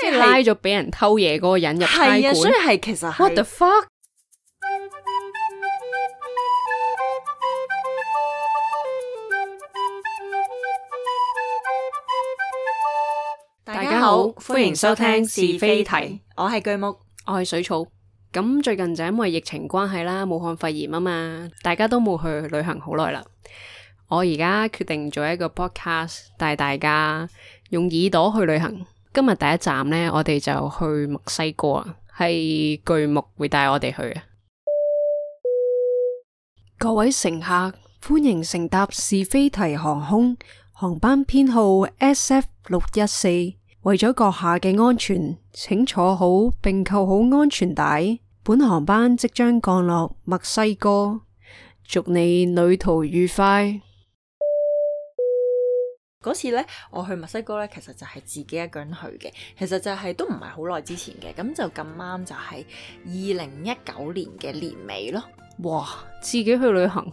即係拉咗畀人偷嘢嗰個人入差館。係啊，所以係其實 What the fuck！大家好，歡迎收聽是非題，我係巨木，我係水草。咁最近就因為疫情關係啦，武漢肺炎啊嘛，大家都冇去旅行好耐啦。我而家決定做一個 podcast，帶大家用耳朵去旅行。嗯今日第一站咧，我哋就去墨西哥啊，係巨木會帶我哋去。各位乘客，歡迎乘搭是非提航空，航班編號 SF 六一四。為咗閣下嘅安全，請坐好並扣好安全帶。本航班即將降落墨西哥，祝你旅途愉快。嗰次咧，我去墨西哥咧，其實就係自己一個人去嘅，其實就係、是、都唔係好耐之前嘅，咁就咁啱就係二零一九年嘅年尾咯，哇！自己去旅行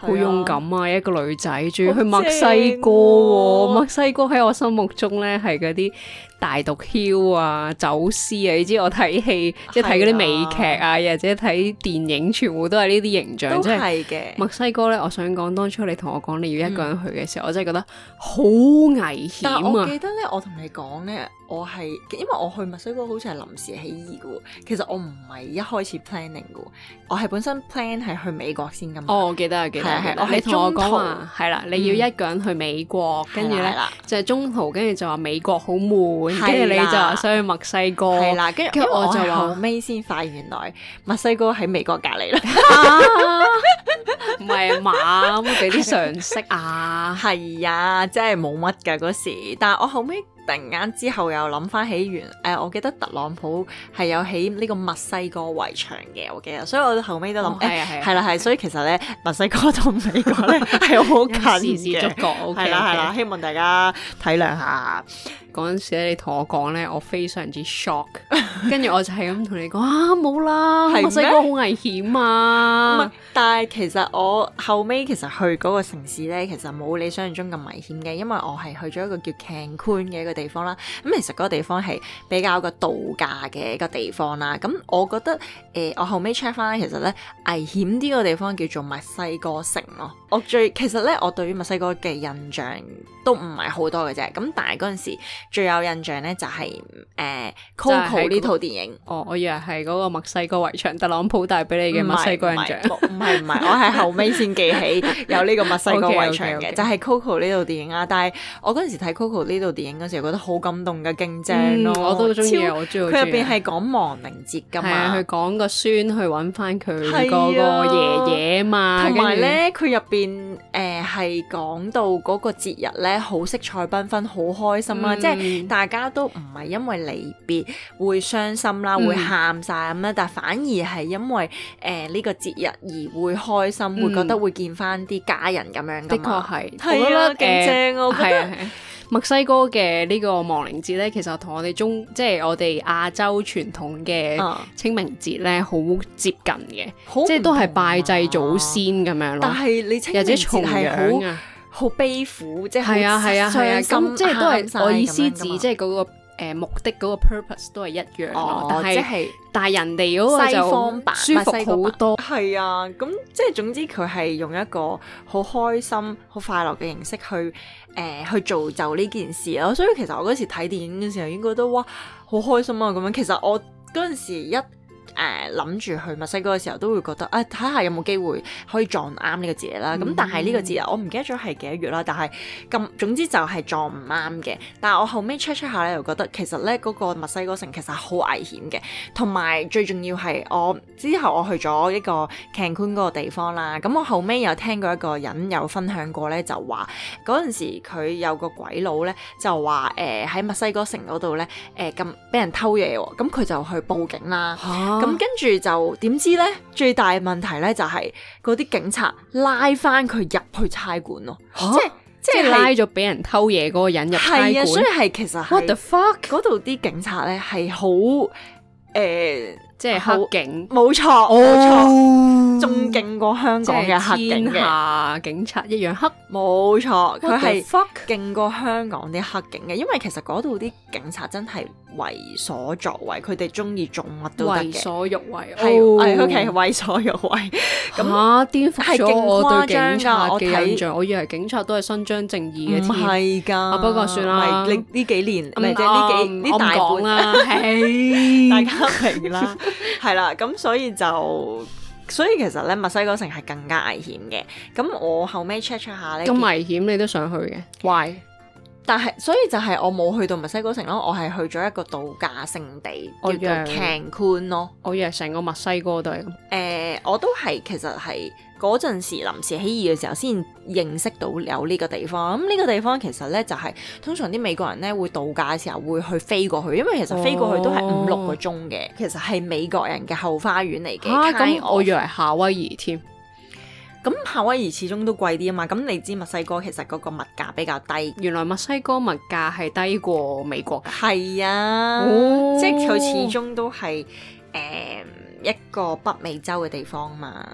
好、嗯、勇敢啊！一個女仔仲要去墨西哥，啊、墨西哥喺我心目中咧，係嗰啲大毒梟啊、走私啊。你知我睇戲即係睇嗰啲美劇啊，啊又或者睇電影，全部都係呢啲形象。都係嘅。墨西哥咧，我想講當初你同我講你要一個人去嘅時候，嗯、我真係覺得好危險啊！記得咧，我同你講咧，我係因為我去墨西哥好似係臨時起意噶，其實我唔係一開始 planning 噶，我係本身 plan 係去。美國先噶嘛？哦，我記得記得，你同我講話係啦，你要一個人去美國，跟住咧就係中途，跟住就話美國好悶，跟住你就話想去墨西哥，係啦，跟住我就話後尾先發現原來墨西哥喺美國隔籬啦，唔係嘛？咁俾啲常識啊，係啊，即係冇乜噶嗰時，但係我後尾。突然間之後又諗翻起原，誒、哎，我記得特朗普係有起呢個墨西哥圍牆嘅，我記得，所以我後尾都諗，係、哦哎、啊係，係啦係，所以其實咧，墨西哥同美國咧係好近嘅，視視 觸角，係啦係啦，希望大家體諒下。嗰陣時咧，你同我講咧，我非常之 shock，跟住我就係咁同你講啊，冇啦，墨嗎西哥好危險啊！ 但係其實我後尾其實去嗰個城市咧，其實冇你想象中咁危險嘅，因為我係去咗一個叫、Can、Cancun 嘅一個地方啦。咁、嗯、其實嗰個地方係比較個度假嘅一個地方啦。咁、嗯、我覺得誒、呃，我後尾 check 翻咧，其實咧危險啲個地方叫做墨西哥城咯。我最其實咧，我對於墨西哥嘅印象都唔係好多嘅啫。咁但係嗰陣時。最有印象咧就係誒 Coco 呢套電影。哦，我以為係嗰個墨西哥圍牆，特朗普帶俾你嘅墨西哥印象。唔係唔係，我係後尾先記起有呢個墨西哥圍牆嘅， okay, okay, okay, okay. 就係 Coco 呢套電影啦、啊。但係我嗰陣時睇 Coco 呢套電影嗰陣時，覺得好感動嘅，勁正咯。我都中意，我中意。佢入邊係講亡靈節㗎嘛？係啊，佢講個孫去揾翻佢嗰個爺爺嘛。同埋咧，佢入邊誒係講到嗰個節日咧，好色彩繽紛，好開心啊！即係、嗯。嗯、大家都唔係因為離別會傷心啦，會喊晒咁樣，嗯、但反而係因為誒呢、呃這個節日而會開心，嗯、會覺得會見翻啲家人咁樣。的確係，我覺得、啊、勁正係墨西哥嘅呢個亡靈節呢，其實同我哋中即係我哋亞洲傳統嘅清明節呢，好、嗯、接近嘅，啊、即係都係拜祭祖先咁樣咯。但係你清明節係好。好悲苦，即係啊，係啊，係啊，咁即係都係、啊啊、我意思指，即係嗰、嗰個、呃、目的嗰個 purpose 都係一樣咯，但係即係但係人哋嗰個就舒服好多，係啊，咁即係總之佢係用一個好開心、好快樂嘅形式去誒、呃、去做就呢件事咯，所以其實我嗰時睇電影嘅時候應該都哇好開心啊咁樣，其實我嗰陣時一。誒諗住去墨西哥嘅時候，都會覺得啊，睇下有冇機會可以撞啱呢個節啦。咁、嗯、但係呢個節啊，我唔記得咗係幾多月啦。但係咁總之就係撞唔啱嘅。但係我後尾 check check 下咧，又覺得其實咧嗰、嗰個墨西哥城其實係好危險嘅。同埋最重要係我之後我去咗一個 Cancun 嗰個地方啦。咁我後尾有聽過一個人有分享過咧，就話嗰陣時佢有個鬼佬咧，就話誒喺墨西哥城嗰度咧誒咁俾人偷嘢喎。咁佢就去報警啦。啊咁、嗯、跟住就點知咧？最大嘅問題咧就係嗰啲警察拉翻佢入去差館咯，即係即係拉咗俾人偷嘢嗰個人入去差館。係啊，所以係其實 what the fuck 嗰度啲警察咧係好誒。即係黑警，冇錯，冇錯，仲勁過香港嘅黑警下警察一樣黑，冇錯，佢係勁過香港啲黑警嘅，因為其實嗰度啲警察真係為所作為，佢哋中意做乜都得嘅，為所欲為，係係佢哋係為所欲為，嚇，顛覆咗我對警察嘅印象，我以為警察都係伸張正義嘅，唔係㗎，不過算啦，唔係呢呢幾年，唔係即係呢幾呢大本啦，係，大家明啦。係啦，咁 所以就，所以其實咧，墨西哥城係更加危險嘅。咁我後尾 check check 下咧，咁危險你都想去嘅？Why？但係，所以就係我冇去到墨西哥城咯，我係去咗一個度假聖地我想叫做、Cancun 咯。我以為成個墨西哥都係咁。誒、呃，我都係，其實係。嗰陣時臨時起意嘅時候，先認識到有呢個地方。咁、嗯、呢、呢個地方其實呢，就係、是、通常啲美國人呢會度假嘅時候會去飛過去，因為其實飛過去都係五、哦、六個鐘嘅。其實係美國人嘅後花園嚟嘅。哈啊，我以為夏威夷添。咁夏威夷始終都貴啲啊嘛。咁你知墨西哥其實嗰個物價比較低。原來墨西哥物價係低過美國㗎？係啊，哦、即係佢始終都係誒、嗯、一個北美洲嘅地方嘛。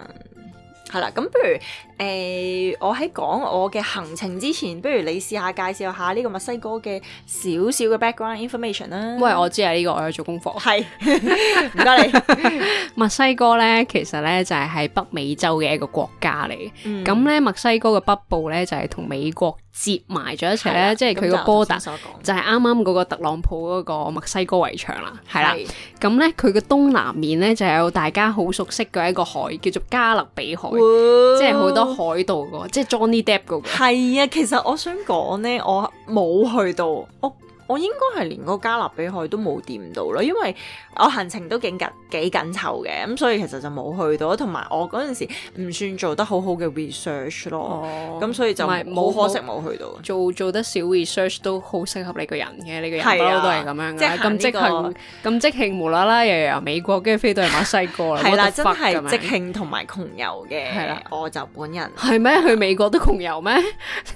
係啦，咁不如誒、呃，我喺講我嘅行程之前，不如你試下介紹下呢個墨西哥嘅少少嘅 background information 啦。因為我知啊，呢、這個我要做功課。係是，唔 該你。 墨西哥咧，其實咧就係、是、喺北美洲嘅一個國家嚟。咁咧、嗯，墨西哥嘅北部咧就係、是、同美國。接埋咗一齊咧，啊、即係佢個波達就係啱啱嗰個特朗普嗰個墨西哥圍牆啦，係啦、啊。咁咧佢個東南面咧就有大家好熟悉嘅一個海，叫做加勒比海，哇即係好多海盜、㗎，即係 Johnny Depp 嗰個。係啊，其實我想講咧，我冇去到。我應該係連嗰個加勒比海都冇掂到咯，因為我行程都幾緊幾緊湊嘅，咁所以其實就冇去到。同埋我嗰陣時唔算做得好好嘅 research 咯，咁所以就唔係冇可惜冇去到。做做得少 research 都好適合你個人嘅，呢個人，我都係咁樣嘅，即係咁即興，咁即興無啦啦又由美國跟住飛到去墨西哥啦。係啦，真係即興同埋窮遊嘅。係啦，我就本人係咩？去美國都窮遊咩？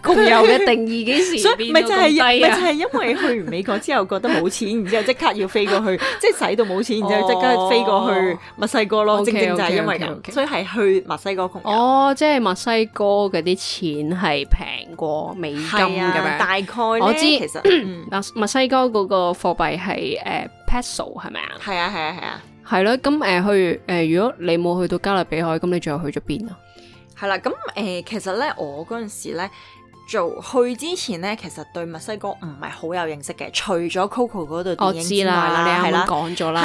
窮遊嘅定義幾時？咪就係咪就係因為去？美國 之後覺得冇錢，然之後即刻要飛過去， 即係使到冇錢，然、oh. 之後即刻飛過去墨西哥咯。Okay, okay, okay, okay. 正正就係因為咁，所以係去墨西哥窮遊，oh, 即係墨西哥嗰啲錢係平過美金咁樣、啊。大概我知。其實 墨西哥嗰個貨幣係 peso 係咪啊？係啊係啊係啊。係咯、啊，咁誒、啊、去誒、呃，如果你冇去到加勒比海，咁你最後去咗邊啊？係啦，咁誒，其實咧，我嗰陣時咧。做去之前咧，其實對墨西哥唔係好有認識嘅，除咗 Coco 嗰度電影之外啦，係啦，講咗啦，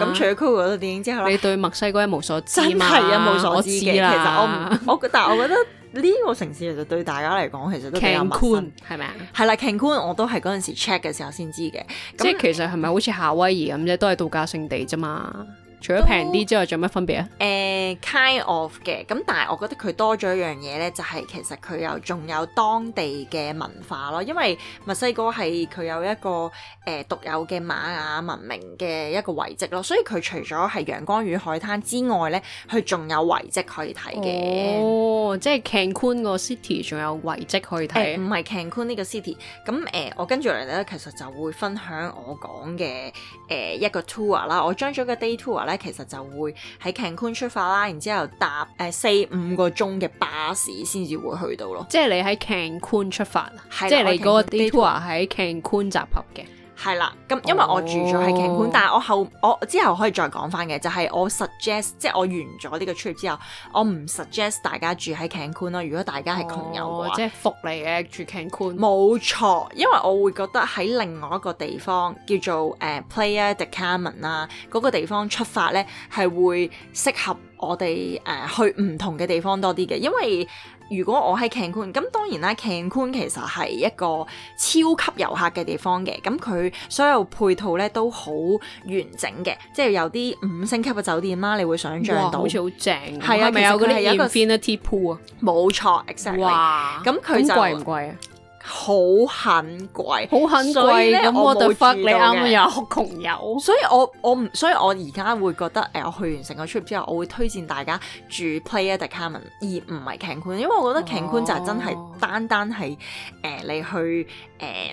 咁除咗 Coco 嗰度電影之後啦，你對墨西哥一無所知嘛，真係一無所知嘅，知其實我我，我但係我覺得呢個城市其實對大家嚟講其實都比較陌生，係咪啊？係啦 Cancun 我都係嗰陣時 check 嘅時候先知嘅，即係其實係咪好似夏威夷咁啫，都係度假勝地啫嘛。除咗平啲之外，仲都有乜分別啊？誒、uh，kind of 嘅，咁但係我覺得佢多咗一樣嘢咧，就係其實佢又仲有當地嘅文化咯，因為墨西哥係佢有一個誒、呃、獨有嘅瑪雅文明嘅一個遺跡咯，所以佢除咗係陽光與海灘之外咧，佢仲有遺跡可以睇嘅。哦，即係 Cancun 個 city，仲有遺跡可以睇。唔係、uh, Cancun 呢個 city。咁、呃、誒，我跟住嚟咧，其實就會分享我講嘅誒一個 tour 啦。我將咗個 day tour 其實就會喺 Cancun 出發啦，然之後搭誒四五個鐘嘅巴士先至會去到咯。即係你喺 Cancun 出發啊，的即係你嗰個 day tour 喺 Cancun 集合嘅。Okay. 係啦，咁因為我住咗喺坎昆，但係我後我之後可以再講翻嘅，就係、是、我 suggest，即係我完咗呢個 trip 之後，我唔 suggest 大家住喺坎昆咯。如果大家係窮友，或者係福利嘅住坎昆，冇錯。因為我會覺得喺另外一個地方叫做誒、uh, Playa del Carmen 啦嗰個地方出發咧，係會適合我哋誒、uh, 去唔同嘅地方多啲嘅，因為。如果我喺 Cancun，咁當然啦，Cancun 其實係一個超級遊客嘅地方嘅，咁佢所有配套咧都好完整嘅，即係有啲五星級嘅酒店啦，你會想像到，好似好正，係啊，其實佢係一個，嗯，係唔係有啲係一個 infinity pool 啊，冇錯，exactly 哇，咁佢就貴唔貴啊？好很貴，好很貴咧！咁我就發你啱又窮遊，所以我我唔，所以我而家會覺得，誒，我去完成個 trip 之後，我會推薦大家住 Playa del Carmen，而唔係 Cancun，因為我覺得 Cancun 就係真係單單係誒，你去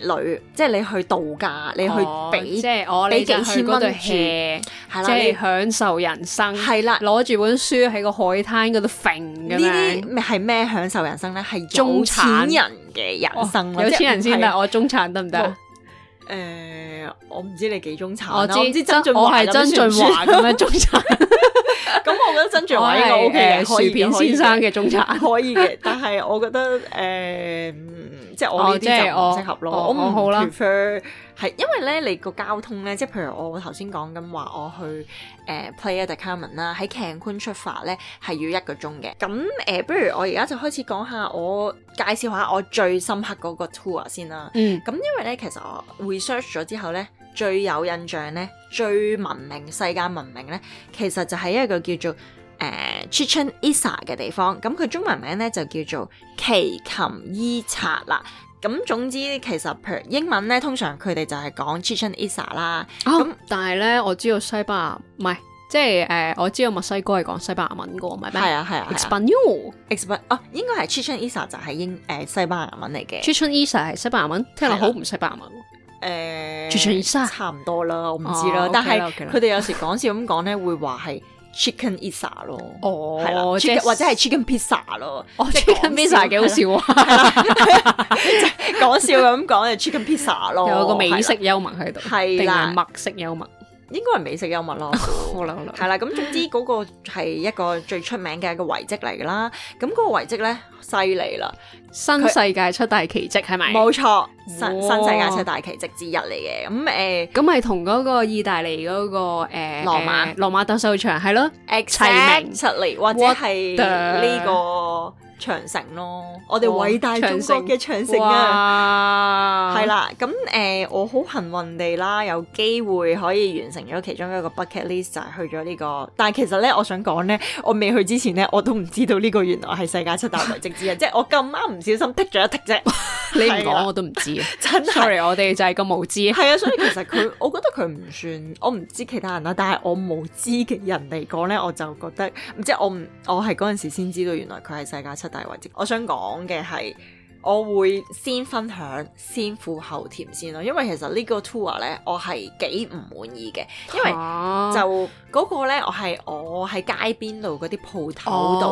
誒旅，即係你去度假，你去俾即係我俾幾千蚊住，係啦，享受人生，係啦，攞住本書喺個海灘嗰度揈咁樣，咩係咩享受人生咧？係中產人。嘅人生、哦、有錢人先得，我中產得唔得啊？誒，我唔知你幾中產，我知，我係曾俊華咁樣，樣中產。 咁、嗯、我覺得曾俊華呢個 OK 嘅，薯片先生嘅中餐、呃、可以嘅，以以 但係我覺得誒，即係我呢啲就唔適合咯。我唔 prefer 係因為咧，你個交通咧，即係譬如我頭先講咁話，我去誒 Playa del Carmen 啦，喺 Cancun 出發咧係要一個鐘嘅。咁誒，不如我而家就開始講下，我介紹下我最深刻嗰個 tour 先啦。嗯，咁因為咧，其實我 research 咗之後咧。最有印象咧，最文明世界文明咧，其實就係一個叫做誒、呃、Chichen Itza 嘅地方。咁佢中文名咧就叫做奇琴伊察啦。咁、嗯、總之其實譬如英文咧，通常佢哋就係講 Chichen Itza 啦。咁、嗯哦、但係咧，我知道西班牙唔係，即係誒、呃，我知道墨西哥係講西班牙文嘅，唔係咩？係啊係啊。Expansive，expansive 哦，應該係 Chichen Itza 就係英誒、呃、西班牙文嚟嘅。Chichen Itza 係西班牙文，聽落好唔西班牙文。誒，豬腸意沙差唔多啦，我唔知啦。但係佢哋有時講笑咁講咧，會話係 chicken itza 咯，係啦，或者係 chicken pizza 咯，chicken pizza 幾好笑喎，講笑咁講就 chicken pizza 咯，有個美式幽默喺度，係啦，定係墨式幽默？應該係美食幽默咯，好啦好啦，係啦，咁 總之嗰、那個係一個最出名嘅一個遺跡嚟㗎啦，咁、那、嗰個遺跡咧犀利啦，新世界七大奇蹟係咪？冇它錯，新哇新世界七大奇蹟之一嚟嘅，咁誒，咁咪同嗰個意大利嗰、那個誒、呃羅，曼呃、羅馬羅馬鬥獸場係咯 exactly 或者係呢、這個。長城咯，我哋偉大中國嘅長城啊，係啦，咁誒、呃，我好幸運地啦，有機會可以完成咗其中一個 bucket list 就係去咗呢、呢個，但係其實咧，我想講咧，我未去之前咧，我都唔知道呢個原來係世界七大遺址之一， 即係我咁啱唔小心剔咗一剔啫， 的你唔講我都唔知啊， 真的 sorry，我哋就係咁無知，係 啊，所以其實佢，我覺得佢唔算，我唔知其他人啦，但係我無知嘅人嚟講咧，我就覺得，唔知我唔，我係嗰陣時先知道原來佢係世界七大。大位置，我想講嘅係，我會先分享先苦後甜先咯，因為其實呢個 tour 咧，我係幾唔滿意嘅，因為就嗰個咧，我係我喺街邊度嗰啲鋪頭度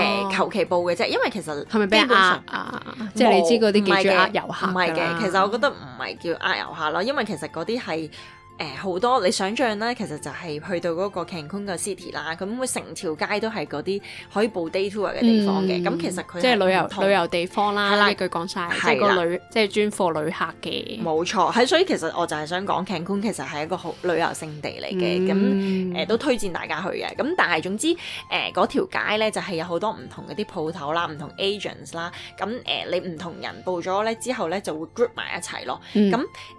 誒求其報嘅啫，因為其實係咪俾人呃？即係你知嗰啲幾鍾呃遊客？唔係嘅，其實我覺得唔係叫呃遊客咯，因為其實嗰啲係。誒好多你想象啦，其實就係去到嗰個 Cancun 嘅 city 啦，咁會成條街都係嗰啲可以報 day tour 嘅地方嘅。咁其實佢即係旅遊旅遊地方啦。係一句講曬，即係個旅即係專貨旅客嘅。冇錯，係所以其實我就係想講 Cancun 其實係一個好旅遊勝地嚟嘅，咁誒都推薦大家去嘅。咁但係總之誒嗰條街咧就係有好多唔同嗰啲鋪頭啦、唔同 agents 啦，咁誒你唔同人報咗咧之後咧就會 group 埋一齊咯。咁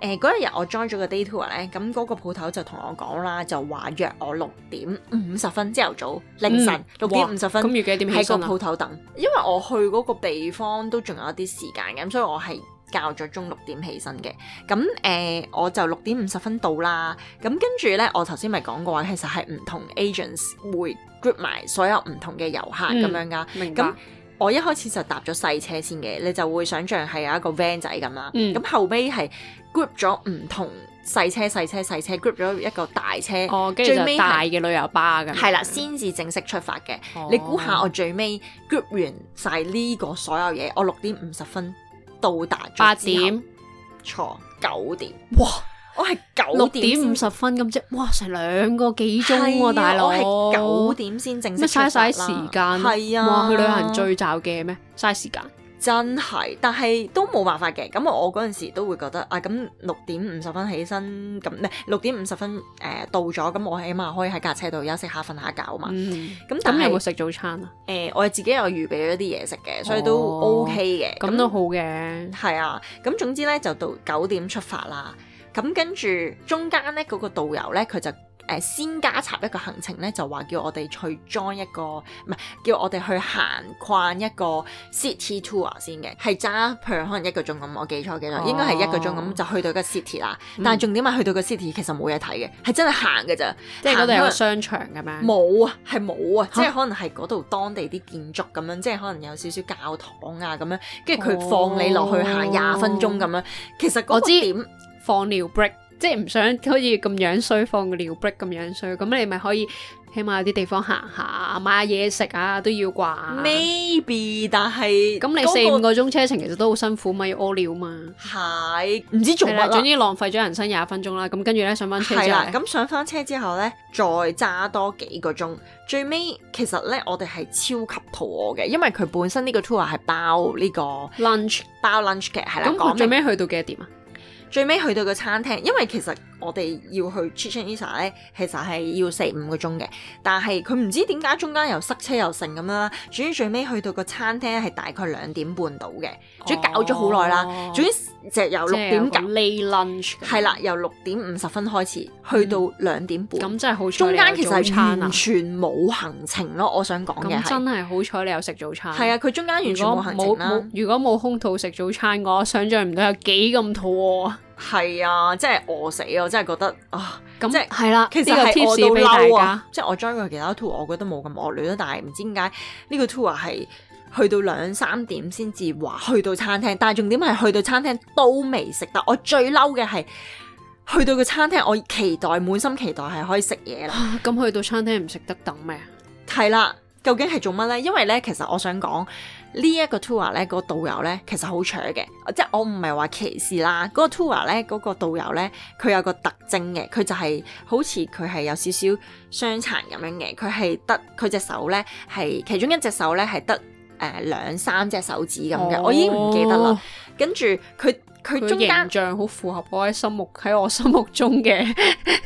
誒嗰一日我 join 咗個 day tour 咧，咁嗰個鋪頭就同我講啦，就話約我六點五十分，朝頭早凌晨六點五十分，咁要幾點喺個鋪頭等，因為我去嗰個地方都仲有一啲時間嘅，咁所以我係較咗鐘六點起身嘅。咁誒、呃，我就六點五十分到啦。咁跟住呢，我頭先咪講過話，其實係唔同 agents 會 group 埋所有唔同嘅遊客咁、嗯、樣噶。明白我一開始就搭咗細車先嘅，你就會想象係有一個 van 仔咁啦。咁、嗯、後尾係 group 咗唔同細車、細車、細車，group 咗一個大車。哦，最尾大嘅旅遊巴咁。係啦，先至正式出發嘅。嗯、你估下我最尾 group 完晒呢個所有嘢，哦、我六點五十分到達，八點錯九點。哇！我係九點，六點五十分咁啫。哇！成兩個幾鐘喎，大佬。我係九點先正式出發啦。乜嘥曬時間？係啊，哇！去旅行最早嘅咩？嘥時間。真係，但係都冇辦法嘅。咁我嗰陣時都會覺得啊，咁六點五十分起身咁，唔係六點五十分誒到咗咁，我起碼可以喺架車度休息下、瞓下覺啊嘛。咁等係會食早餐啊？誒，我係自己有預備咗啲嘢食嘅，所以都 OK 嘅。咁都好嘅。係啊，咁總之咧就到九點出發啦。咁、嗯、跟住中間咧，嗰、那個導遊咧，佢就誒、呃、先加插一個行程咧，就話叫我哋去 join 一個，唔係叫我哋去行逛一個 city tour 先嘅，係揸譬如可能一個鐘咁，我記錯幾耐，哦、應該係一個鐘咁就去到個 city 啦。嗯、但係重點係去到個 city 其實冇嘢睇嘅，係真係行嘅咋，即係嗰度有個商場咁樣冇啊？係冇啊，啊即係可能係嗰度當地啲建築咁樣，即係可能有少少教堂啊咁樣，跟住佢放你落去行廿分鐘咁樣，其實我知。點。放尿 break，即係唔想好似咁樣衰，放尿 break 咁樣衰。咁你咪可以起碼有啲地方行下，買下嘢食啊都要啩。Maybe，但係咁、那個、你四五個鐘車程其實都好辛苦咪要屙尿嘛。係，唔知做乜啦。總之浪費咗人生廿分鐘，就是、啦。咁跟住咧上翻車。啦，咁上翻車之後咧，再揸多幾個鐘，最尾其實咧我哋係超級肚餓嘅，因為佢本身呢個 tour 係包呢、呢個 lunch，包 lunch 嘅係啦。咁最尾去到幾多點啊？最尾去到個餐廳，因為其實我哋要去 Chichen Itza 咧，其實係要四五個鐘嘅，但係佢唔知點解中間又塞車又剩咁樣啦。總之最尾去到個餐廳係大概兩點半到嘅，總之搞咗好耐啦。總之就由六點隔 late lunch，係啦，的由六點五十分開始去到兩點半。咁真係好，中，啊、中間其實完全冇行程咯。我想講嘅係真係好彩你有食早餐。係啊，佢中間完全冇行程。如果冇空肚食早餐，我想象唔到有幾咁肚餓。係啊，真餓真嗯、即係餓死啊。我，真係覺得啊，即係係啦，其實係餓到嬲啊！即係我 join 過其他 tour，我覺得冇咁惡劣啦，但係唔知點解呢個 tour 係去到兩三點先至話去到餐廳，但係重點係去到餐廳都未食。但我最嬲嘅係去到個餐廳，我期待滿心期待係可以食嘢啦。咁去到餐廳唔食得等咩？係啦、啊，究竟係做乜呢？因為呢，其實我想講。呢一個 tour 咧，個導遊咧其實好扯嘅，即係我唔係話歧視啦。嗰個 tour 咧，嗰個導遊咧，佢有個特徵嘅，佢就係好似佢係有少少傷殘咁樣嘅，佢係得佢隻手咧係其中一隻手咧係得誒兩三隻手指咁嘅，oh. 我已經唔記得啦。跟住佢。佢中間形象好符合我喺心目喺我心目中嘅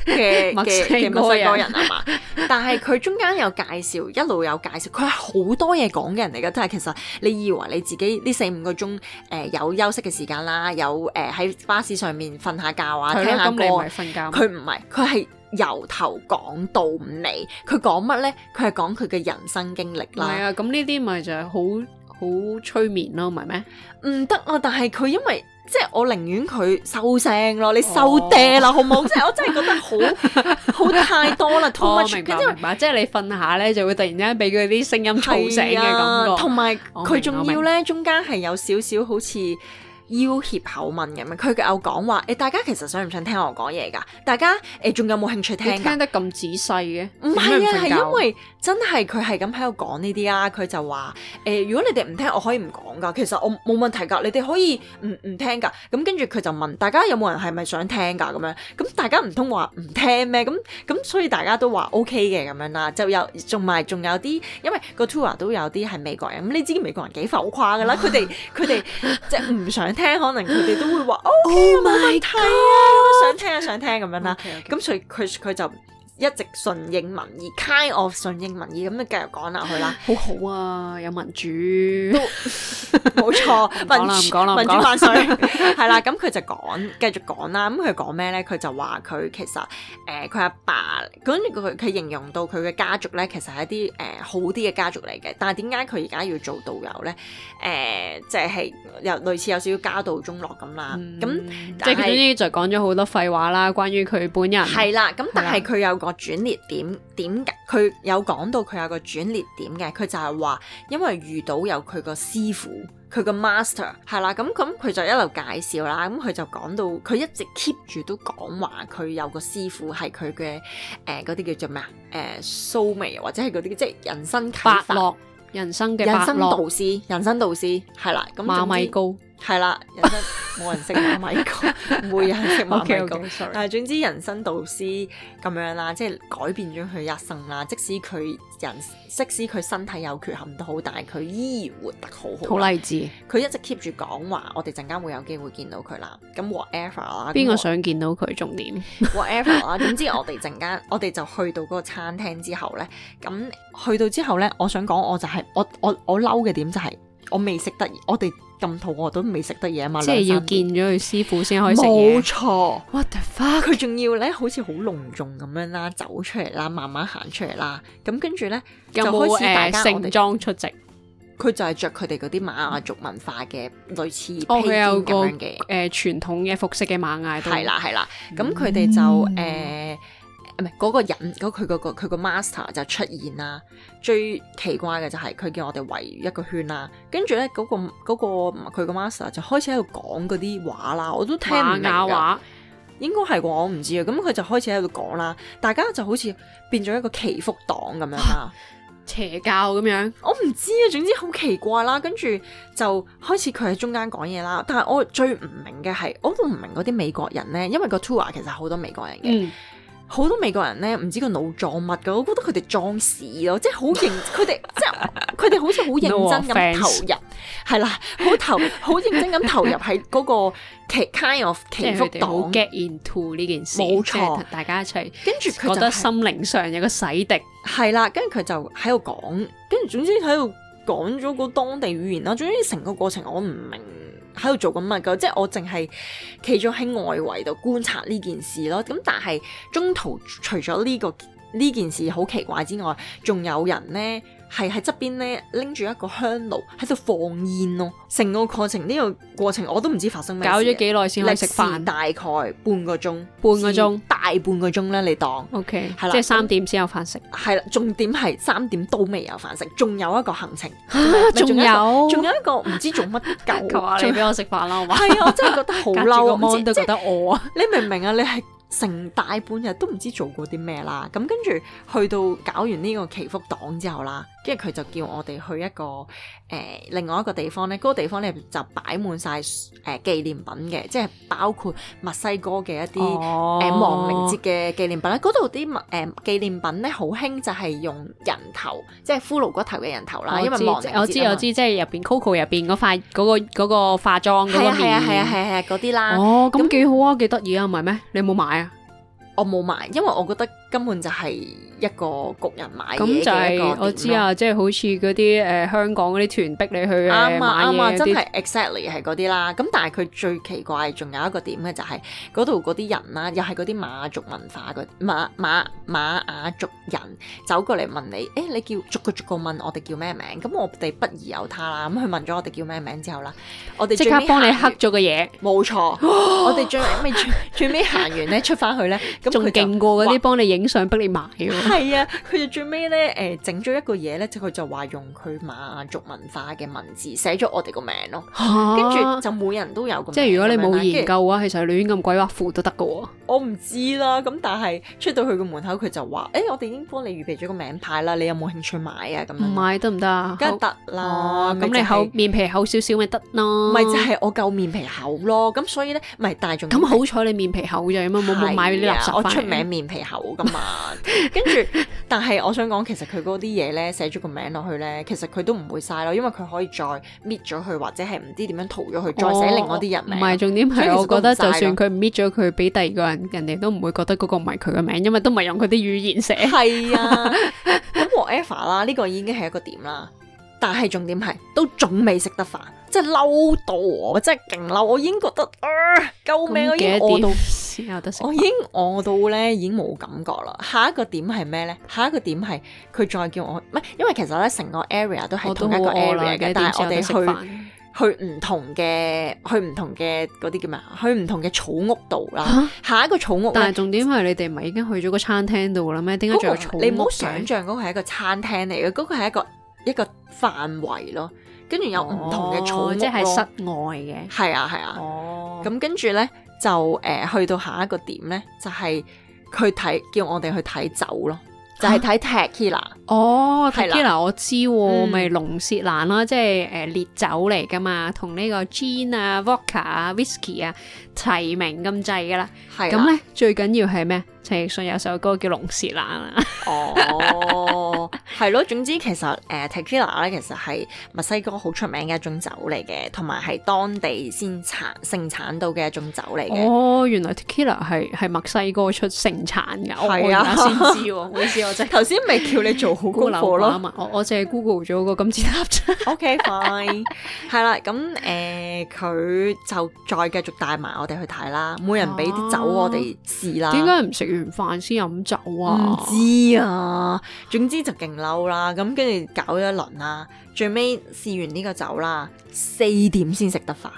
嘅嘅墨西哥人啊嘛？ 但係佢中間有介紹，一路有介紹，佢係好多嘢講嘅人嚟㗎。即係其實你以為你自己呢四五個鐘誒、呃、有休息嘅時間啦，有誒喺、呃、巴士上面瞓下覺啊，了聽下歌，佢唔係佢係由頭講到尾。佢講乜咧？佢係講佢嘅人生經歷啦。係啊，咁呢啲咪就係好好催眠咯，唔係咩？唔得啊！但係佢因為。即係我寧願佢收聲咯，你收嗲啦，oh. 好唔好？即係我真係覺得好 好太多啦，同埋即係你瞓下咧，就會突然之間俾佢啲聲音吵醒嘅感覺，同埋佢仲要咧中間係有少少好似要挾口吻咁樣，佢有講話誒，大家其實想唔想聽我講嘢噶？大家誒，仲有冇興趣聽？聽得咁仔細嘅？唔係啊，係因為。真係佢係咁喺度講呢啲啊！佢就話：誒、呃，如果你哋唔聽，我可以唔講噶。其實我冇問題噶，你哋可以唔唔聽噶。咁跟住佢就問大家有冇人係咪想聽噶咁樣？咁大家唔通話唔聽咩？咁咁所以大家都話 OK 嘅咁樣啦。就有仲埋仲有啲，因為個 tour 都有啲係美國人。咁你知美國人幾浮誇噶啦。佢哋佢哋即係唔想聽，可能佢哋都會話 OK 冇問題啊。想聽啊想聽咁樣啦。咁所以佢佢就。一直順應民意，kind of 順應民意，咁就繼續講落去啦。好好啊，有民主，冇 錯， 了 民主民主萬歲，係 啦。咁佢就講，繼續講啦。咁佢講咩咧？佢就話佢其實誒佢阿爸，佢佢形容到佢嘅家族咧，其實係一啲誒好啲嘅家族嚟嘅。但係點解佢而家要做導遊咧？誒，即係又類似有少少家道中落咁啦。咁即係總之就講咗好多廢話啦。關於佢本人係啦。咁、嗯、但係佢、 嗯、有講轉捩點，點解佢有講到佢有個轉捩點嘅，佢就係話因為遇到有佢個師傅，佢個 master 係啦，咁咁佢就一路介紹啦，咁佢就講到佢一直 keep 住都講話佢有個師傅係佢嘅誒嗰啲叫做咩啊？誒、呃，蘇眉或者係嗰啲即係人生啟發，人生嘅人生導師，人生導師係啦，咁總之。馬米高係啦，人生冇人識咪講，唔會有人識馬米講。但係總之人生導師咁樣啦，即係改變咗佢一生啦。即使佢人，即使佢身體有缺陷都好，但係佢依然活得好好。好勵志，佢一直 keep 住講話。我哋陣間會有機會見到佢啦。咁 whatever 啦，邊個想見到佢重點 ？Whatever 啦。點知我哋陣間，我哋就去到嗰個餐廳之後咧，咁去到之後咧，我想講我就係、是、我我我嬲嘅點就係、是、我未食得，我哋。我咁肚餓都未食得嘢啊嘛，即係要見咗佢師傅先可以食嘢。冇錯，what the fuck 佢仲要咧好似好隆重咁樣啦，走出嚟啦，慢慢行出嚟啦。咁跟住咧，又就開始大家盛、呃、裝出席。佢就係着佢哋嗰啲馬雅族文化嘅類似披肩咁樣嘅，誒、呃、傳統嘅服飾嘅馬雅。都係啦係啦，咁佢哋就誒。嗯呃唔係嗰個人，佢嗰個佢個 master 就出現啦。最奇怪嘅就係佢叫我哋圍一個圈啦，跟住咧嗰個、嗰個佢、個 master 就開始喺度講嗰啲話啦，我都聽唔到嘅。亞亞話應該係我唔知嘅。咁佢就開始喺度講啦，大家就好似變咗一個祈福黨咁樣啦、啊，邪教咁樣，我唔知啊。總之好奇怪啦，跟住就開始佢喺中間講嘢啦。但係我最唔明嘅係，我都唔明嗰啲美國人咧，因為個 tour 其實好多美國人嘅。嗯好多美國人咧，唔知個腦裝乜嘅，我覺得佢哋裝屎咯，即係好認佢哋， 即係佢哋好似好認真咁投入，係啦， 好投好認真咁投入喺嗰、嗰個劇 kind of 祈福黨 get into 呢件事，冇錯，大家一齊跟住佢覺得心靈上有個洗滌，係啦、就係，跟住佢就喺度講，跟住總之喺度講咗個當地語言啦，總之成個過程我唔明。喺度做緊乜嘅？即係我淨係企咗喺外圍度觀察呢件事咯。咁但係中途除咗呢、呢個呢件事好奇怪之外，仲有人呢係喺側邊呢拎住一個香爐喺度放煙咯。成個過程呢、呢個過程我都唔知發生咩事。搞咗幾耐先可以食飯？大概半個鐘，半個鐘。大半個鐘啦，你當 OK 係啦了，即係三點先有飯食。係啦，重點係三點都未有飯食，仲有一個行程，仲有仲有一個唔有知做乜夠、啊， 你俾我食飯啦，好嘛？係啊，我真係覺得好嬲，Mon 都覺得餓啊即！ 你明唔明啊？你係成大半日都唔知做過啲咩啦？咁跟住去到搞完呢個祈福黨之後啦，跟住佢就叫我哋去一個。誒，另外一個地方咧，嗰個地方咧就擺滿晒誒紀念品嘅，即係包括墨西哥嘅一啲誒亡靈節嘅紀念品啦。嗰度啲物誒紀念品咧好興就係用人頭，即係骷髏骨頭嘅人頭啦。因為我知，我知，我知，即係入邊 Coco 入邊嗰塊嗰個嗰個化妝嗰個面。係啊係啊係啊係啊嗰啲啦。哦，咁幾好啊，幾得意啊，唔係咩？你有冇買啊？我冇買，因為我覺得根本就係一個局，人買咁，就係我知啊，即係好似嗰啲誒香港嗰啲團逼你去，啱啊啱啊，嗯、真係 exactly 係嗰啲啦。咁但係佢最奇怪仲有一個點嘅就係嗰度嗰啲人啦，又係嗰啲馬族文化嗰馬馬馬雅族人走過嚟問你，誒、欸、你叫逐個逐個問我哋叫咩名？咁我哋不疑有他啦。咁、嗯、佢問咗我哋叫咩名之後啦，我哋即刻幫你黑咗個嘢。冇 錯，我哋最尾 最尾行完咧出翻去咧。仲勁過嗰啲幫你影相逼你買咯，係啊！佢就最尾咧，誒，整咗一個嘢咧，就佢就話用佢馬族文化嘅文字寫咗我哋個名咯，跟住就每人都有咁。即係如果你冇研究嘅話，其實亂咁鬼畫符都得嘅喎。我唔知啦，咁但係出到去個門口，佢就話：誒，我哋已經幫你預備咗個名牌啦，你有冇興趣買啊？咁唔買得唔得啊？梗係得啦，咁你厚面皮厚少少咪得咯，咪就係我夠面皮厚咯。咁所以咧，咪但係仲咁好彩你面皮厚啫，咁冇冇買啲垃圾。我出名面皮厚㗎嘛， 跟住，但係我想講，其實佢嗰啲嘢呢寫咗個名落去呢，其實佢都唔會嘥咯，因為佢可以再搣咗佢，或者係唔知點樣塗咗佢，再寫另外啲人名。唔係、哦、重點係，我覺得就算佢搣咗佢俾第二個人，人哋都唔會覺得嗰個唔係佢嘅名，因為都唔係用佢啲語言寫。係 啊，咁 whatever 啦，呢、呢個已經係一個點啦。但係重點係，都仲未食得飯。即係嬲到我，我真係勁嬲，我已經覺得，啊、呃，救命！我已經餓到，我已經餓到咧，已經冇感覺啦。下一個點係咩咧？下一個點係佢再叫我，唔係，因為其實咧成個 area 都係同一個 area 嘅，但係我哋去去唔同嘅，去唔同嘅嗰啲叫咩？去唔同嘅草屋度啦。下一個草屋。但係重點係你哋唔係已經去咗個餐廳度啦咩？點解仲有草？你唔好想象嗰個係一個餐廳嚟嘅，嗰、那個係一個一個範圍咯。跟住有唔同嘅草，哦，即係室外嘅。係啊係啊。哦、嗯。咁跟住咧就誒、呃、去到下一個點咧，就係佢睇叫我哋去睇酒咯，就係睇 Tequila 啦。哦，Tequila 啦，我知喎、啊、咪、嗯、龍舌蘭啦，即係誒烈酒嚟噶嘛，同呢個 gin 啊、vodka 啊、whisky 啊齊名咁滯噶啦。係啦。咁咧最緊要係咩？陳奕迅有首歌叫《龍舌蘭》啊，哦，係咯。總之其實誒，tequila 咧其實係墨西哥好出名嘅一種酒嚟嘅，同埋係當地生產生產到嘅一種酒嚟嘅。哦，原來 tequila 係係墨西哥出生產㗎，我而家先知喎。唔好意思，我頭先咪叫你做好功課咯，我我淨係 Google 咗個金字塔。OK，fine。係啦，咁誒佢就再繼續帶埋我哋去睇啦，每人俾啲酒我哋試啦。點解唔食？完飯先飲酒啊？唔知啊，總之就勁嬲啦，咁跟住搞咗一輪啦，最尾試完呢個酒啦，四點先食得飯，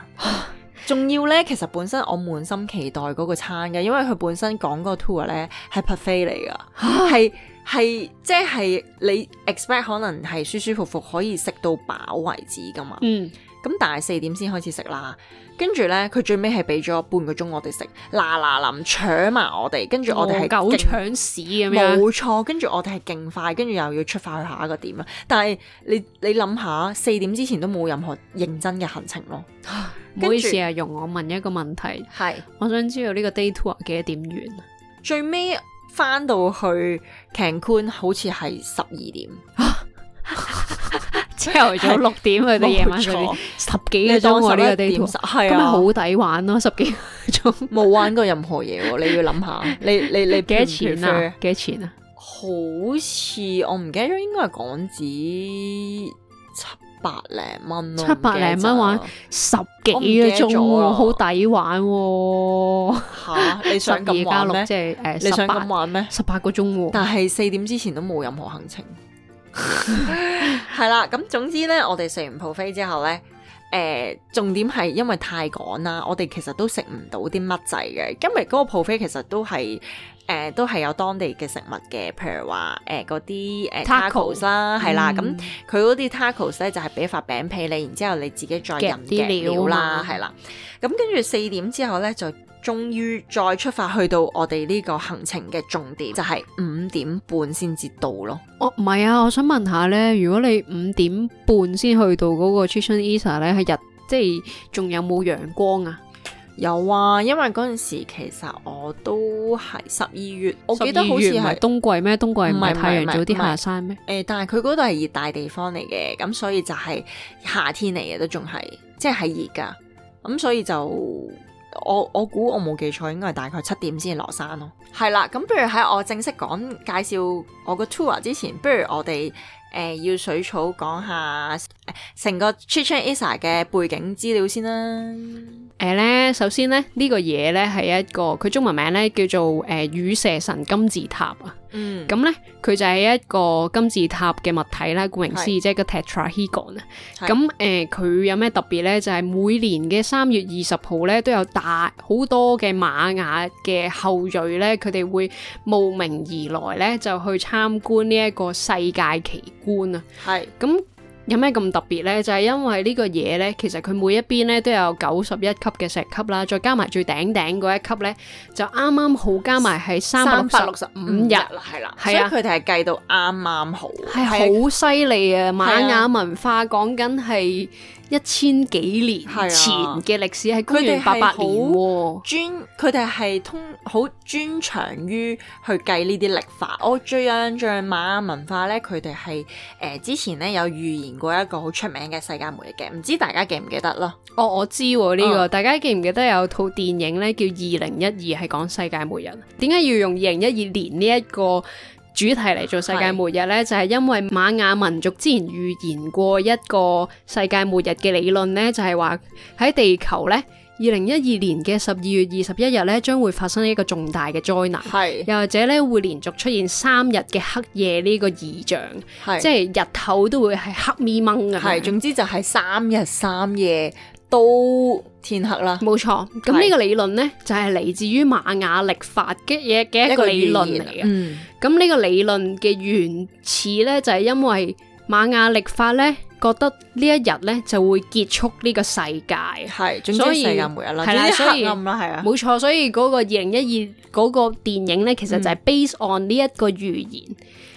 仲要 呢，其實本身我滿心期待嗰個餐嘅，因為佢本身講嗰個 tour 呢係 parfait 嚟噶，係係即係你 expect 可能係舒舒服服可以食到飽為止噶嘛。嗯咁但係四點先開始食啦，跟住呢，佢最尾係俾咗半個鐘我哋食，嗱嗱臨搶埋我哋，跟住我哋係，狗搶屎咁樣，冇錯。跟住我哋係勁快，跟住又要出發去下一個點啦。但係你你諗下，四點之前都冇任何認真嘅行程咯。唔呵著好意思啊，容我問一個問題，係是我想知道呢個 day tour w 幾多點完？最尾翻到去 Cancun 好似係十二點。 早六點，佢哋夜晚嗰啲十幾個鐘，我呢個地圖，係咁咪好抵玩咯！十幾個鐘冇玩過任何嘢，你要諗下，你你你幾多錢啊？幾多錢啊？好似我唔記得咗，應該係港紙七百零蚊咯，七百零蚊玩十幾個鐘，好抵玩喎！吓，你想咁玩咩？即係，誒，你想咁玩咩？十八個鐘，但係四點之前都冇任何行程。係啦，咁 總之呢，我哋食完 buffet 之後呢，誒、呃，重點係因為太趕啦，我哋其實都食唔到啲乜滯嘅，今日嗰個 buffet 其實都係。誒、呃、都係有當地嘅食物嘅，譬如話誒嗰啲誒 tacos 啦，係、呃、啦，咁佢嗰啲 tacos 咧就係俾塊餅皮你，然之後你自己再飲啲料啦，係、嗯嗯、啦，咁跟住四點之後咧就終於再出發去到我哋呢個行程嘅重點，就係、是、五點半先至到咯。哦，唔係啊，我想問下咧，如果你五點半先去到嗰個 Chichen Itza 咧，係日即係仲有冇陽光啊？有啊，因為嗰陣時其實我都係十二月，我記得好似係冬季咩？冬季唔係太陽早啲下山咩？誒，但係佢嗰度係熱帶地方嚟嘅，咁所以就係夏天嚟嘅，都仲係即係熱噶。咁所以就我我估我冇記錯，應該係大概七點先落山咯。係啦，咁不如喺我正式講介紹我個 tour 之前，不如我哋誒、呃、要水草講下。成個 Chichen Itza 嘅背景資料先啦。誒、呃，咧首先咧呢、這個嘢咧係一個佢中文名咧叫做誒羽、呃、蛇神金字塔啊。嗯。咁咧佢就係一個金字塔嘅物體啦，顧名思義是即係個 Tetrahegon 啊。咁誒是，佢、呃、有咩特別咧？就係、是、每年嘅三月二十號咧，都有大好多嘅瑪雅嘅後裔咧，佢哋會慕名而來咧，就去參觀呢一個世界奇觀啊。係是。咁。有咩咁特別呢？就係因為呢個嘢呢，其實佢每一邊咧都有九十一級嘅石級啦，再加埋最頂頂嗰一級呢，就啱啱好加埋係三百六十五日啦，係啦，所以佢哋係計到啱啱好，係好犀利啊！瑪雅文化講緊係。一千幾年前嘅歷史係公元八百年喎，啊，專佢哋係通好專長於去計呢啲歷法。我最印象近馬雅文化呢，佢哋係誒之前呢有預言過一個好出名嘅世界末日嘅，唔知大家記唔記得啦？哦，我知呢、啊這個，嗯、大家記唔記得有套電影呢叫《二零一二》，係講世界末日。點解要用二零一二年呢、這、一個，主題嚟做世界末日呢，是就係因為瑪雅民族之前預言過一個世界末日嘅理論呢，就係話喺地球呢，二零一二年嘅十二月二十一日呢，將會發生一個重大嘅災難。是又或者咧，會連續出現三日嘅黑夜呢個異象，是即係日頭都會係黑咪蒙嘅。係，總之就係三日三夜。都天黑啦，冇錯。咁呢個理論咧就係、是、嚟自於瑪雅曆法嘅嘢嘅一個理論嚟嘅。咁呢個，、嗯、個理論嘅原始咧就係、是、因為瑪雅曆法咧。覺得呢一日呢就會結束呢個世界，係，所以世界末日啦，係啦以，所以黑暗啦，係啊，冇錯，所以嗰個二零一二嗰個電影呢，其實就係 based on 呢一個預言，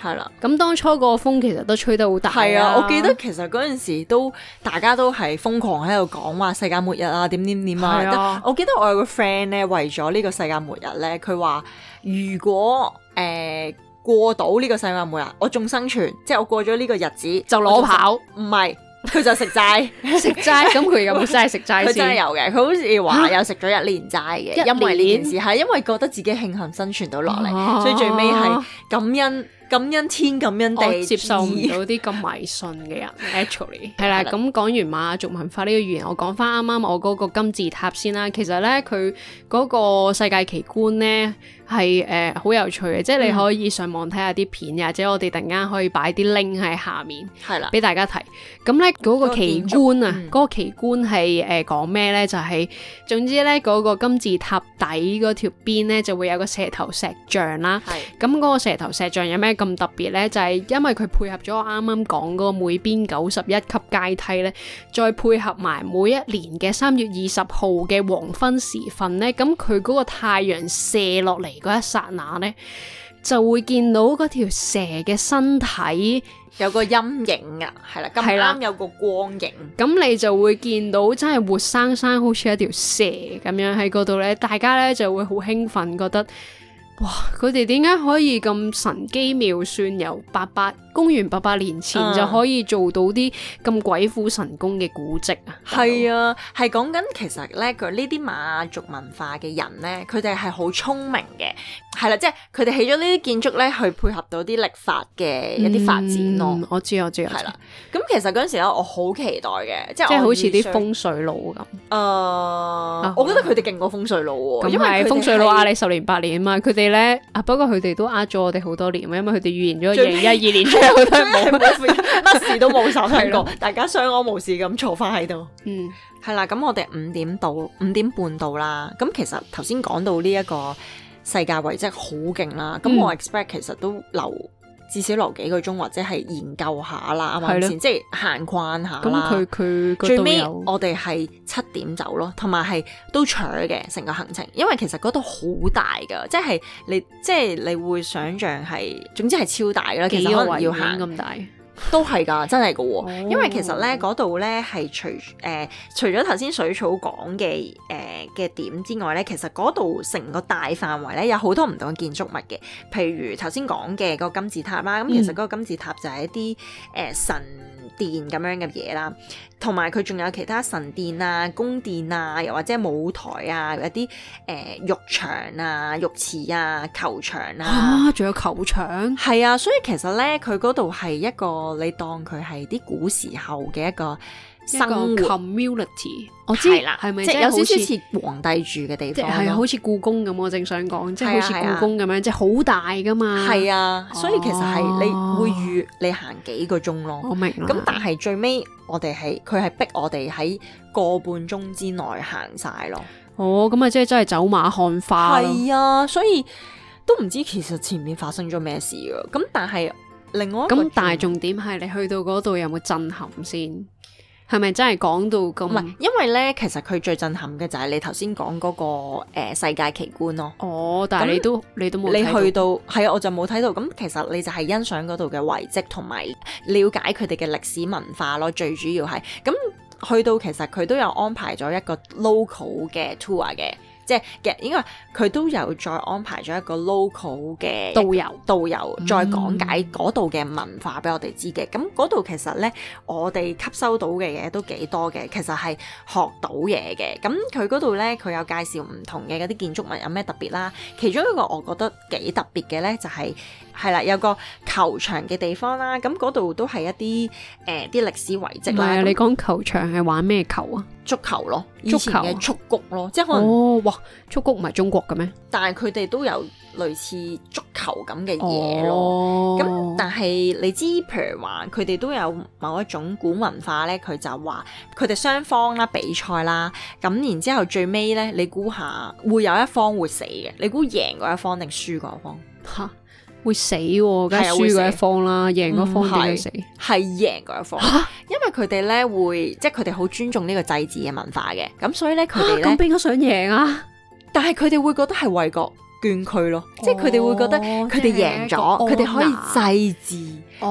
係啦，嗯。咁，啊，當初嗰個風其實都吹得好大，啊，係啊。我記得其實嗰陣時都大家都係瘋狂喺度講話世界末日啊，點點點啊。啊我記得我有個 friend 呢，為咗呢個世界末日呢，佢話如果誒。呃過到呢個世界末日，我仲生存，即係我過咗呢個日子就攞跑，唔係佢就 食齋 食齋。咁佢有冇齋食齋先真係有嘅，佢好似話有食咗一年齋嘅，啊、因為呢件事係因為覺得自己慶幸生存到落嚟，哇所以最尾係感恩。感恩天感恩地，我接受唔到啲咁迷信嘅人。Actually，係啦。咁講完馬雅族文化呢個語言，我講翻啱啱我嗰個金字塔先啦。其實咧，佢嗰個世界奇觀咧係誒好有趣嘅，嗯、即係你可以上網睇下啲片，或者我哋突然間可以擺啲 link 喺下面，係啦，俾大家睇。咁咧嗰個奇觀啊，嗰、嗯、個奇觀係誒講咩咧？就係、是、總之咧，嗰、那個金字塔底嗰條邊咧就會有個蛇頭石像啦。係咁是，嗰個蛇頭石像有咩？咁特別呢，就係、是、因為佢配合咗我啱啱講嗰個每邊九十一級階梯呢，再配合埋每一年嘅三月二十號嘅黃昏時分呢，咁佢嗰個太陽射落嚟嗰一剎那呢，就會見到嗰條蛇嘅身體有個陰影啊，係啦， 咁啱有個光影，咁的 你就會見到真係活生生好似一條蛇咁樣喺嗰度呢，大家呢，就會好興奮，覺得。哇！佢哋點解可以咁神機妙算？有八八。公元八百年前就可以做到啲咁鬼斧神工嘅古蹟啊！係啊，係講緊其實咧，佢呢啲瑪雅文化嘅人咧，佢哋係好聰明嘅，係啦，即係佢哋起咗呢啲建築咧，去配合到啲曆法嘅一啲發展咯。我知我知，係啦。咁其實嗰陣時咧，我好期待嘅，即係即係好似啲風水佬咁。誒，我覺得佢哋勁過風水佬，因為風水佬壓你十年八年啊嘛。佢哋咧啊，不過佢哋都呃咗我哋好多年啊，因為佢哋預言咗二零一二年。乜 事，都冇手聽過， 是的 大家相安無事咁坐翻喺度。嗯，係啦，咁我哋五點到五點半到啦。咁其實頭先講到呢一個世界遺跡好勁啦，咁我 expect 其實都留。至少留幾個鐘或者係研究下啦，係咪先？的即係行慣下。咁佢佢最尾我哋係七點走咯，同埋係都坐嘅成個行程，因為其實嗰度好大㗎，即係你即係你會想像係總之係超大啦，個其實可能要行咁大。都係㗎，真係㗎喎。Oh. 因為其實咧，嗰度咧係除誒、呃、除咗頭先水草講嘅誒嘅點之外咧，其實嗰度成個大範圍咧有好多唔同嘅建築物嘅。譬如頭先講嘅個金字塔啦，咁、mm. 其實嗰個金字塔就係一啲誒、呃、神殿咁樣嘅嘢啦，同埋佢仲有其他神殿啊、宮殿啊，又或者舞台啊、有啲誒、呃、浴場啊、浴池啊、球場啊，仲、啊、有球場，係啊，所以其實呢，佢嗰度係一個你當佢係啲古時候嘅一個。一個 community，我知啦，係咪即係有少少似皇帝住嘅地方？係啊，好似故宮咁，我正想講，即係好似故宮咁樣，即係好大噶嘛。係啊，所以其實係你會預你行幾個鐘咯。我明。咁但係最尾我哋係佢係逼我哋喺個半鐘之內行晒咯。哦，咁啊，即係真係走馬看花。係啊，所以都唔知其實前面發生咗咩事噶。咁但係另外，咁大重點係你去到嗰度有冇震撼先？係咪真係講到咁？唔係，嗯，因為咧，其實佢最震撼嘅就係你頭先講嗰個，呃、世界奇觀咯。哦，但係那你都你都冇，你去到係啊，我就冇睇到。咁其實你就係欣賞嗰度嘅遺跡同埋了解佢哋嘅歷史文化咯。最主要係，咁去到其實佢都有安排咗一個 local 嘅 tour 嘅。即係嘅，因為佢都有再安排咗一個 local 嘅導遊，導遊再講解嗰度嘅文化俾我哋知嘅。咁嗰度其實咧，我哋吸收到嘅嘢都幾多嘅，其實係學到嘢嘅。咁佢嗰度咧，佢有介紹唔同嘅嗰啲建築物有咩特別啦。其中一個我覺得幾特別嘅咧，就係、是。係啦，有個球場嘅地方啦，咁嗰度都係一啲誒，啲、呃、歷史遺跡啦。唔係啊是，那你講球場係玩咩球啊？足球咯，足球嘅蹴鞠咯，即係可能。哦，哇！蹴鞠唔係中國嘅咩？但係佢哋都有類似足球咁嘅嘢咯。咁、哦、但係你知譬如話，佢哋都有某一種古文化咧，佢就話佢哋雙方啦比賽啦，咁然之後最尾咧，你估下會有一方會死嘅？你估贏嗰一方定輸嗰一方？吓、嗯？會死㗎，梗係輸嗰一方啦，贏嗰方點會死？係贏嗰一方，因為佢哋咧會，即係佢哋好尊重呢個祭祀嘅文化嘅，咁所以咧佢哋咧，邊個想贏啊？但係佢哋會覺得係衛國。捐軀咯，即係佢哋會覺得佢哋贏咗，佢哋可以祭祀，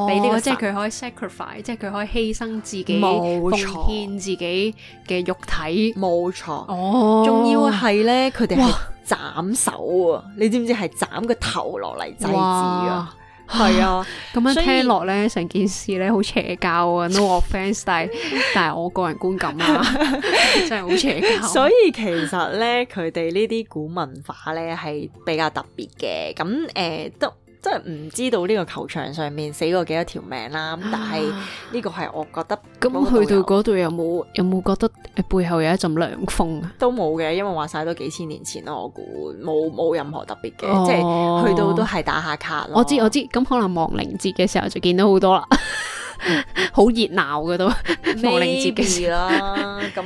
俾呢、哦這個，即係佢可以 sacrifice，、哦、即係佢可以犧牲，、哦、牲自己，錯奉獻自己嘅肉體。冇錯錯，仲、哦、要係咧，佢哋哇斬手啊！你知唔知係斬個頭落嚟祭祀啊？係啊，咁樣聽落咧，成件事咧好邪教啊以！No offence， 但係但係我個人觀感啊， 真係好邪教。所以其實咧，佢哋呢啲古文化咧係比較特別嘅，咁誒、呃、都。即係唔知道呢個球場上面死過幾多條命啦，啊，啊，但係呢個係我覺得，咁去到嗰度有冇有冇覺得背後有一陣涼風啊？都冇嘅，因為話晒都幾千年前咯，我估冇冇任何特別嘅。哦，即係去到都係打下卡咯。我知我知，咁可能亡靈節嘅時候就見到好多啦。 好熱鬧嘅都，無令自己啦。咁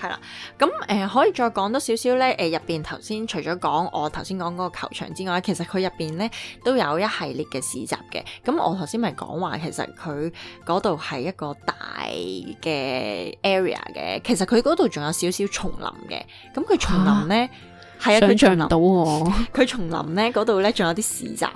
係啦，咁誒、呃、可以再講多少少咧？誒，入邊頭先除咗講我頭先講嗰個球場之外，其實佢入邊咧都有一系列嘅市集嘅。咁我頭先咪講話，其實佢嗰度係一個大嘅 area 嘅。其實佢嗰度仲有少少叢林嘅。咁佢叢林咧。啊係啊，佢森林到喎，佢叢林咧嗰度咧仲有啲市集嘅，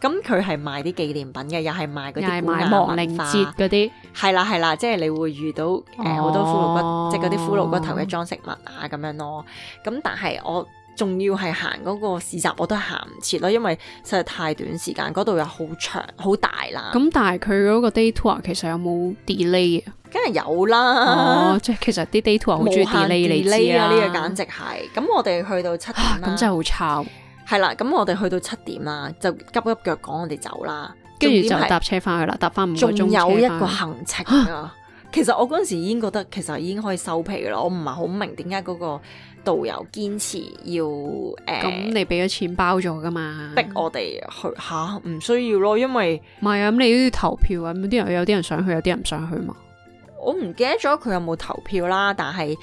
咁佢係賣啲紀念品嘅，又係賣嗰啲亡靈節嗰啲，係啦係啦，即係你會遇到誒好、呃哦、多骷髏骨，即係嗰啲骷髏骨頭嘅裝飾物啊咁樣咯，咁但係我。仲要係行嗰個市集，我都行唔切咯，因為實在太短時間，嗰度又好長好大啦。咁但係佢嗰個 day tour 其實有冇 delay？梗係有啦。哦，即係其實啲 day tour 好中意 delay 你知啊？delay 啊呢個簡直係。咁我哋去到七點、啊、啦，咁真係好差。係啦，咁我哋去到七點啦，就急急腳趕我哋走啦，跟住就搭、是、車翻去啦，搭翻五個鐘。有一個行程啊！啊其實我嗰陣時已經覺得，其實已經可以收皮噶啦。我唔係好明點解嗰個導遊堅持要誒，咁、呃、你俾咗錢包咗噶嘛？逼我哋去吓唔需要咯，因為唔係啊。咁你都要投票啊？咁啲人有啲人想去，有啲人唔想去嘛？我唔記得咗佢有冇投票啦，但係。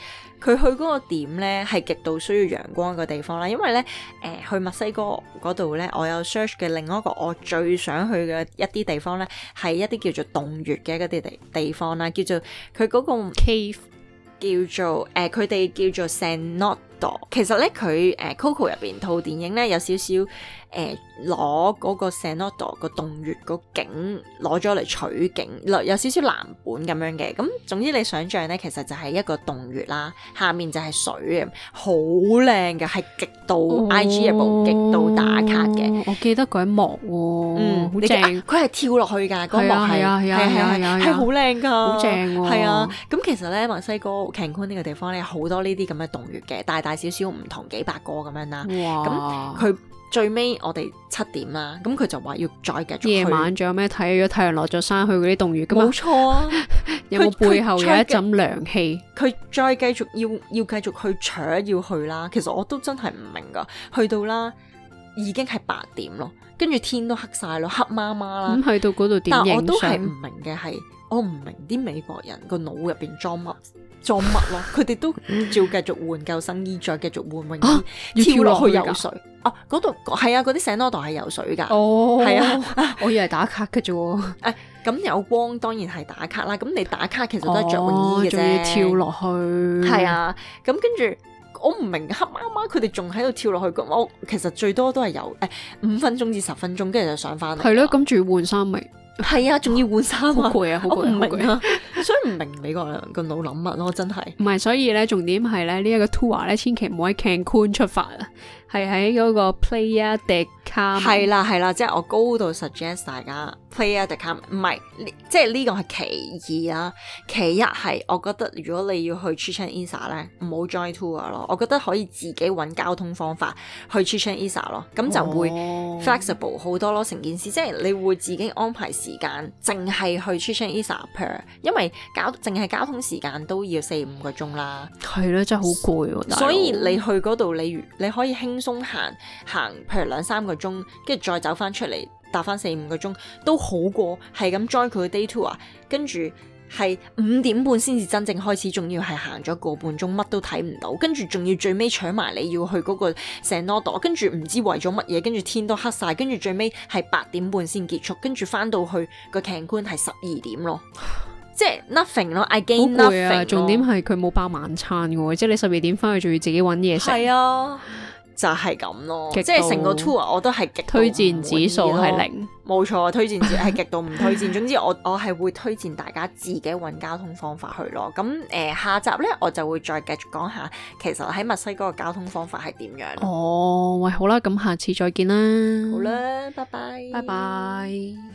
佢去嗰個點咧，係極度需要陽光一個地方啦，因為呢，誒、呃、去墨西哥嗰度呢，我有 search 嘅另一個我最想去嘅一啲地方呢，係一啲叫做洞穴嘅一啲地地方啦，叫做佢嗰、嗰個 cave 叫做誒佢哋叫做 San Nudo。其實呢，佢誒、呃、Coco 入邊套電影呢，有少少。誒攞嗰個 Sanado，個洞穴個景攞咗嚟取景，有少少藍本咁樣嘅。咁總之你想象，咧，其實就係一個洞穴啦，下面就係水，好靚嘅，係極度 I G 嘅部，極度打卡嘅。我記得嗰一幕，嗯，好正。佢係跳落去㗎，嗰幕係啊係啊係啊係啊係好靚㗎，好正㗎。係啊，咁其實咧墨西哥坎昆呢個地方咧，好多呢啲咁嘅洞穴嘅，大大小小唔同幾百個咁樣啦。哇！咁佢最尾我哋七點啦，咁佢就話要再繼續夜晚，仲有咩睇？如果太陽落咗山，去嗰啲凍雨，咁冇錯啊！ 他有冇背後有一陣涼氣？佢再繼續要要繼續去扯要去啦，其實我都真係唔明噶，去到啦已經係八點咯，跟住天都黑晒咯，黑麻麻啦。咁去、嗯、到嗰度，但係我都係唔明嘅係。我唔明啲美國人個腦入邊裝乜裝乜咯，佢哋都照繼續換救生衣，再繼續換泳衣，啊、跳落去游水。啊，嗰度係啊，嗰啲聖羅德係游水噶。哦，係啊，啊我以為打卡嘅啫。誒、啊，咁有光當然係打卡啦。咁你打卡其實都係着泳衣嘅啫，啊、跳落去。係啊，咁跟住我唔明黑麻麻佢哋仲喺度跳落去。咁我其實最多都係游誒五分鐘至十分鐘，跟住就上翻嚟。係咯，跟住換衫未？係啊，仲要換衫啊！好攰啊，攰、啊、唔明啊，所以唔明美國人個腦諗乜咯，真係。唔係，所以咧重點係咧呢一個 tour 咧，千祈唔好喺 Cancun 出發、er、啊，係喺嗰個 Playa del Carmen。係啦，係啦，即係我高度 suggest 大家 Playa del Carmen，唔係，即係呢個係其二啊。其一係我覺得如果你要去 Chichen Itza 咧，唔好 join tour 咯，我覺得可以自己揾交通方法去 Chichen Itza 咯，咁就會。哦 flexible 好多咯，成件事即係你會自己安排時間，淨係去 Chichen Itza 因為交淨係交通時間都要四五個鐘啦。係咯，真係好攰所以哥你去嗰度，你你可以輕鬆行行，譬如兩三個鐘，跟住再走翻出嚟，搭翻四五個鐘都好過，係咁 join 佢嘅 day tour，跟住。係五點半先至真正開始，仲要係行咗個半鐘，乜都睇唔到，跟住仲要最尾搶埋你要去嗰個 cenote 跟住唔知為咗乜嘢，跟住天都黑晒。跟住最尾係八點半先結束，跟住翻到去個 Cancun 係十二點咯，即係 nothing 咯，I gain nothing 好攰啊！重點係佢冇包晚餐喎，即係你十二點翻去仲要自己揾嘢食。係啊。就係咁咯，度即係成個 tour 我都係極推薦指數係零，冇錯，推薦係極度唔推薦。 總之我我係會推薦大家自己揾交通方法去咯。咁誒、呃，下集呢，我就會再繼續講下，其實喺墨西哥嘅交通方法係點樣。哦，喂，好啦，咁下次再見啦。好啦，拜拜。拜拜。